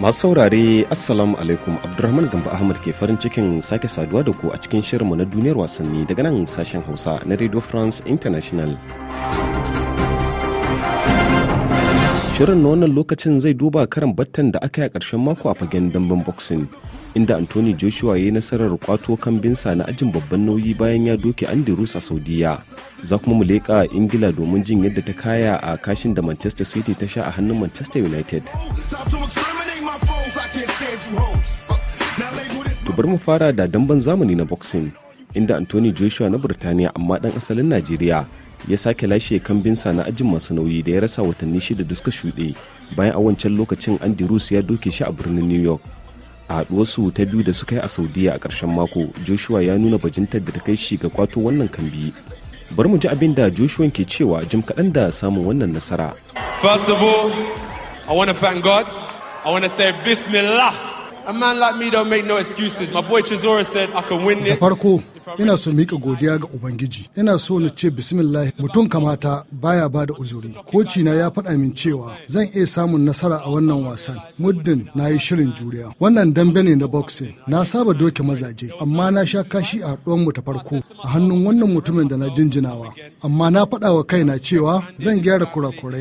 masu saurare assalamu alaikum abdulrahman gamba ahmad ke farin cikin sake saduwa da ku a cikin shirinmu na duniyar wasanni daga nan sashen hausa na radio france international shirin na wannan lokacin zai duba karan battan da aka yi a ƙarshen mako a fagen damben boxing inda anthony joshua ya yi nasarar kwato kambinsa na ajin babban nauyi bayan ya doke andy rus a saudiya za kuma mu leƙa ingila domin jin yadda ta kaya a kashin da manchester city ta sha a hannun manchester united To bari mu fara da damben zamani na boxing inda Anthony Joshua na Burtaniya amma dan asalin Najeriya ya sake lashe kambinsa na ajin masu nauyi da ya rasa watanni shida da suka shuɗe bayan a wancan lokacin Andy ya doke shi a birnin New York. A haɗuwarsu ta biyu da suka yi a Saudiya a ƙarshen mako, Joshua ya nuna bajintar da ta kai shi ga kwato wannan kambi. Bari mu ji abin da Joshua ke cewa jim kaɗan da samun wannan nasara. First of all, I want to thank God. I want to say bismillah A man like me don't make no excuses. My boy Chizora said I can win this. ina so mika godiya ga ubangiji ina so na ce bismillah mutum kamata baya ba da uzuri kocina ya faɗa min cewa zan iya samun nasara a wannan wasan muddin na yi shirin juriya wannan dambe ne na boxing na saba doke mazaje amma na sha kashi a haɗuwan mu ta farko a hannun wannan mutumin da na jinjinawa amma na faɗa wa kaina cewa zan gyara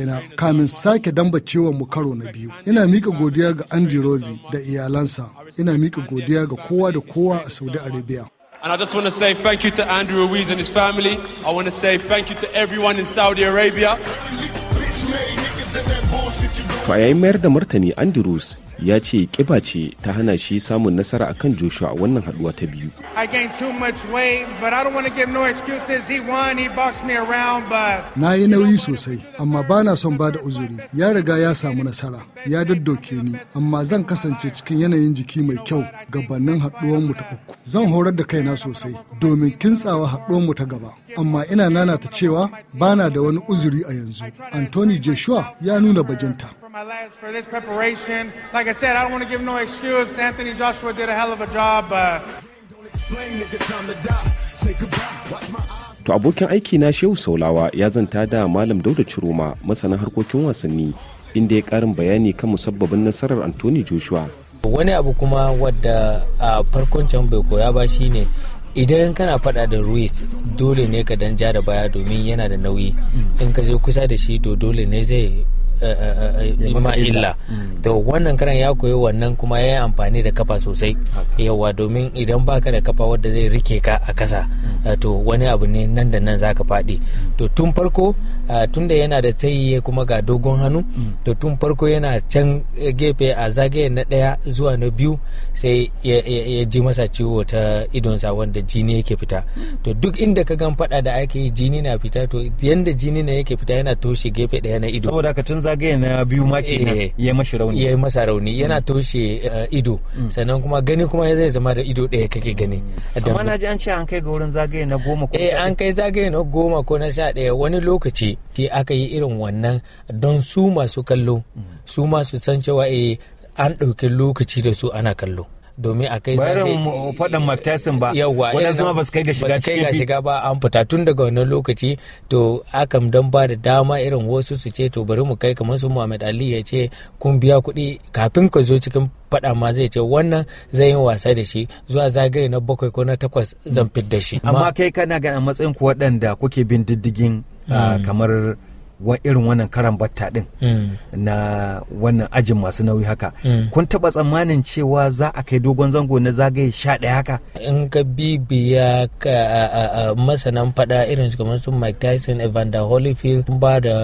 na. kamin sake dambacewa mu karo na biyu ina mika godiya ga Andy Rosie da iyalansa ina mika godiya ga kowa da kowa a Saudi Arabia And I just want to say thank you to Andrew Ruiz and his family. I want to say thank you to everyone in Saudi Arabia. To a mayar da martani Andrews ya ce kiba ce ta hana shi samun nasara a kan joshua a wannan haduwa ta biyu na yi nauyi sosai amma ba na son ba da uzuri ya riga ya samu nasara ya daddoke ni amma zan kasance cikin yanayin jiki mai kyau gabanin haduwar mu ta uku zan horar da kaina sosai domin kintsawa haduwar mu ta gaba amma ina nanata cewa ba na da wani uzuri a yanzu anthony joshua ya nuna bajinta I said, I don't want to give no excuse. Anthony Joshua did a hell of a job. Uh, to abokin aiki na Shehu Saulawa ya zanta da Malam Dauda Ciroma masana harkokin wasanni inda ya karin bayani kan musabbabin nasarar Anthony Joshua. Wani abu kuma wadda a farkon can bai koya ba shi ne idan kana fada da ruiz dole ne ka dan ja da baya domin yana da nauyi in ka je kusa da shi to dole ne zai ma illa mm. to wannan karan ya koyi wannan kuma ya yi amfani da kafa sosai yawa domin idan baka da kafa wadda zai rike ka a kasa mm. eh, to wani abu ne nan da nan zaka faɗi mm. to tun farko eh, tun da yana da tsayiye kuma ga dogon hannu to tun farko yana can gefe a zagaye na ɗaya zuwa na biyu sai ya ji masa ciwo ta idonsa wanda jini yake fita to duk inda ka gan faɗa da ake yi jini na fita to yanda jini na yake fita yana toshe gefe ɗaya na ido saboda zagaye na biyu maki ke eh, ya mashi rauni ya masa rauni yana mm. toshe eh, ido mm. sannan kuma gani kuma ya zai zama da ido ɗaya kake gani amma na ji an ce an kai ga wurin zagaye na goma ko eh an kai zagaye na goma ko na sha ɗaya wani lokaci ke aka yi irin wannan don su masu kallo mm. su masu san cewa eh an ɗauki lokaci da su ana kallo domin a kai zare bayan faɗan mafitasin ba waɗansu zama ba su kai ga shiga cikin ba shiga ba an fita tun daga wannan lokaci to akam don ba da dama irin wasu su ce to bari mu kai kamar su Muhammad Ali ya ce kun biya kuɗi kafin ka zo cikin faɗa ma zai ce wannan zai yi wasa da shi zuwa zagaye na bakwai ko na takwas zan fit da shi amma kai kana ga matsayin ku waɗanda kuke bin diddigin hmm. ah, kamar wa irin wannan karan batta din mm. na wannan ajin masu nauyi haka mm. kun taba tsammanin cewa za a kai dogon zango na zagaye sha ɗaya haka in ka bibiya ka masanan fada irin su kamar su Mike Tyson Evander Holyfield ba da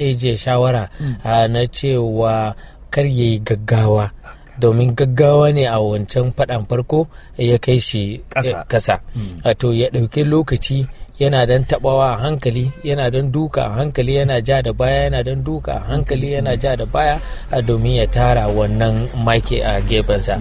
AJ shawara mm. na cewa kar yayi gaggawa domin gaggawa ne a wancan fadan farko ya kai shi ƙasa to ya ɗauki lokaci yana dan tabawa a hankali yana dan duka a hankali yana ja da baya yana dan duka a hankali yana ja da baya a domin ya tara wannan mike a gefensa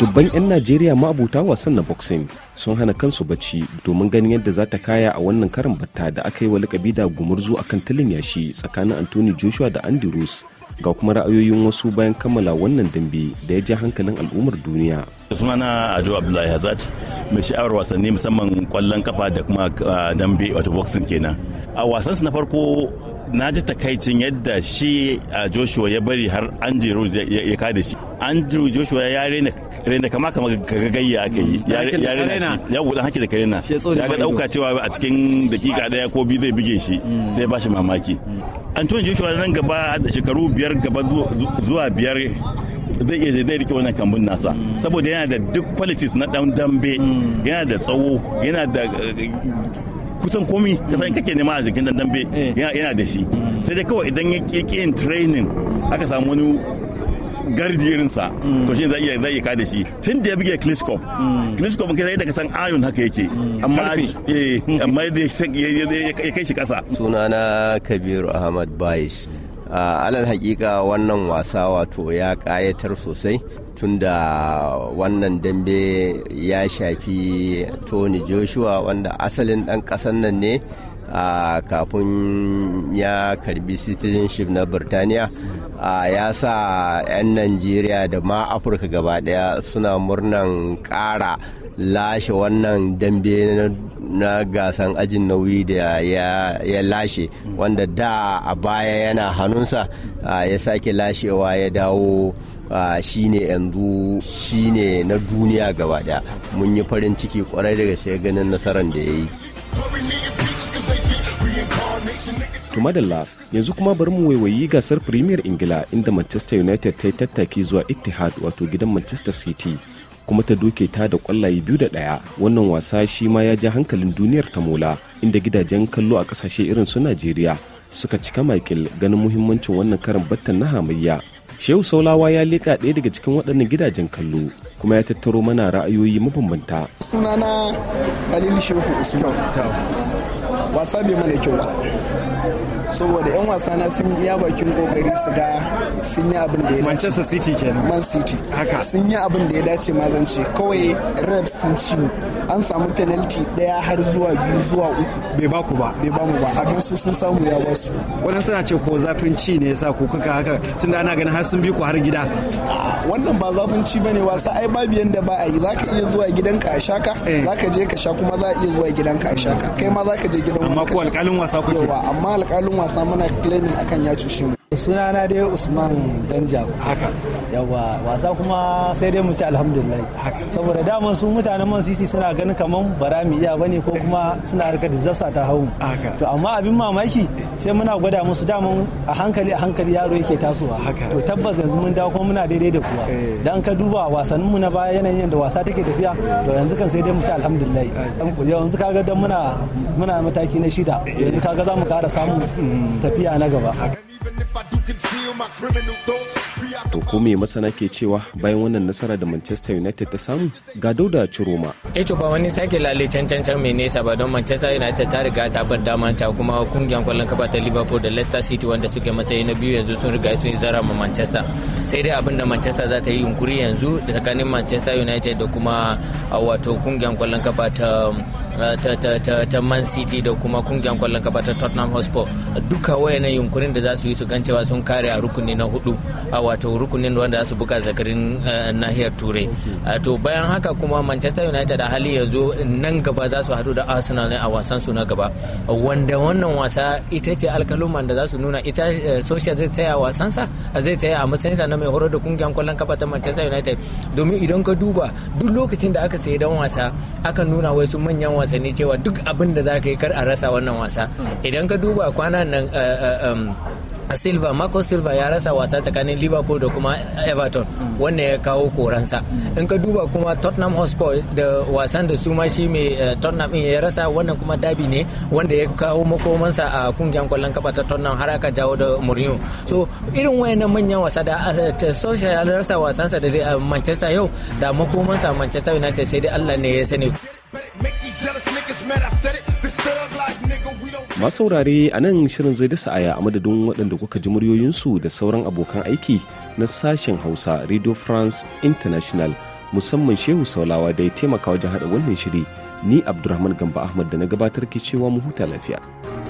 dubban 'yan najeriya ma'abuta wasan na boxing sun hana kansu bacci domin ganin yadda za ta kaya a wannan karin batta da aka yi wa lakabi da gumurzu a kan tilin yashi tsakanin anthony joshua da andy rose ga kuma ra'ayoyin wasu bayan kammala wannan dambe da ya ja hankalin al'ummar duniya sunana ado abdullahi hazard mai sha'awar wasanni musamman kwallon kafa da kuma ah, dambe wato boxing kenan a wasansu na farko na ji takaicin yadda shi a joshua ya bari har andrew rose ya kada shi andrew joshua ya rena kama kama gagagayya aka yi ya rena shi ya wuɗa haki da karena ya ga ɗauka cewa a cikin dakika ɗaya ko biyu zai buge shi mm. sai ba shi mamaki antoine joshua nan gaba da shekaru biyar gaba zuwa biyar zai iya zai rike wannan kambun nasa mm. saboda yana da duk qualities na dan dambe mm. yana da tsawo yana da eh, kusan komi kasan san kake nema a jikin dan dambe eh. yana da shi sai dai kawai idan ya ƙi yin training aka samu wani gardiyarinsa mm. to shi zai iya ka da shi tun da ya buge Klitschko mm. Klitschko mun kai san ayon haka yake mm. amma eh amma ya kai shi kasa sunana Kabiru Ahmad Bayis Ah, alal hakika wannan wasa wato ya kayatar sosai tunda wannan dambe ya shafi tony joshua wanda asalin dan kasan nan ne a kafin ya karbi citizenship na birtaniya ya sa 'yan najeriya da ma afirka gaba daya suna murnan kara lashe wannan dambe na gasan ajin nauyi da ya lashe wanda da a baya yana hannunsa ya sake lashewa ya dawo shi ne yanzu shine na duniya gaba daya mun yi farin ciki kwarai daga ganin nasarar da ya yi To madalla yanzu kuma bari mu waiwayi gasar Premier Ingila inda Manchester United ta yi tattaki zuwa Etihad wato gidan Manchester City kuma ta doke ta da kwallaye biyu da ɗaya wannan wasa shi ma ya ja hankalin duniyar ta mola inda gidajen kallo a kasashe irin su Najeriya suka cika Michael ganin muhimmancin wannan karin battan na hamayya. Shehu Saulawa ya leƙa ɗaya daga cikin waɗannan gidajen kallo kuma ya tattaro mana ra'ayoyi mabambanta. Sunana Balil Shehu Usman. wasa bai mana kyau ba saboda yan wasa na sun iya bakin kokari su ga sun yi abin da ya dace Manchester City kenan Man City haka sun yi abin da ya dace ma zan ce kawai Reds sun ci an samu penalty daya har zuwa biyu zuwa uku bai ba ku ba bai ba mu ba abin su sun samu ya ba su wannan suna ce ko zafin ci ne yasa ku kuka haka tunda ana ganin har sun bi ku har gida wannan ba zafin ci bane wasa ai babu yanda ba a yi zaka iya zuwa gidanka a shaka eh. zaka je ka sha kuma za a iya zuwa gidanka a shaka kai ma zaka je gidan amma ku alƙalin wasa kuke amma alƙalin wasa muna claiming akan ya cushe mu sunana dai usman danja haka yawa wasa kuma sai dai mu ci alhamdulillah saboda daman su mutanen man city suna ganin kaman bara mu iya bane ko kuma suna harka disaster ta hau to amma abin mamaki sai muna gwada musu daman a hankali a hankali yaro yake tasowa to tabbas yanzu mun dawo kuma muna daidai da kuwa eh. dan ka duba wasannin mu na baya yanayin yadda wasa take tafiya to yanzu kan sai dai mu ci alhamdulillah eh. yanzu kaga dan muna muna mataki na shida eh. yanzu kaga za mu kara samu mm. tafiya na gaba to kuma masana ke cewa bayan wannan nasara da manchester united ta samu ga dauda ciroma eto eh ba wani sake lalle can mai nesa ba don manchester united ta riga ta bar dama ta kuma kungiyar kwallon kafa ta liverpool da leicester city wanda suke matsayi na biyu yanzu sun riga sun zara ma manchester sai dai abin da manchester za ta yi yunkuri yanzu da tsakanin manchester united da kuma wato kungiyar kwallon kafa ta Eh, ta man city da kuma kungiyar kwallon kafa ta tottenham hotspur duka wayannan yunkurin da za su yi su gan cewa sun kare a rukuni na hudu a wato rukunin wanda za su buga zakarin eh, nahiyar turai eh, to bayan haka kuma manchester united a hali yanzu nan gaba za su hadu da arsenal ne a wasan su na gaba wanda wannan wasa ita ce alkaluman da za su nuna ita social zai wasan sa zai taya a sa na mai horo da kungiyar kwallon kafa ta manchester united domin idan ka duba duk lokacin da aka sayi dan wasa aka nuna su manyan wasa wasanni cewa duk abin da za ka yi kar a rasa wannan wasa idan ka duba kwana nan eh, eh, eh, um, silva marco silva ya rasa wasa tsakanin liverpool da kuma everton wanda ya kawo koransa in ka duba kuma tottenham hotspur da wasan da su ma shi mai tottenham ya rasa wannan kuma dabi ne wanda ya kawo makomansa a kungiyar kwallon kafa ta tottenham har aka jawo da mourinho so irin wayannan manyan wasa da solskjaer ya rasa wasansa da manchester yau da makomansa manchester united sai dai allah ne ya sani ma saurare a nan shirin zai dasa aya a madadin waɗanda kuka ji muryoyinsu da sauran abokan aiki na sashen Hausa Radio France International musamman Shehu Saulawa da ya taimaka wajen haɗa wannan shiri ni Abdulrahman Gamba Ahmad da na gabatar ke cewa mu huta lafiya.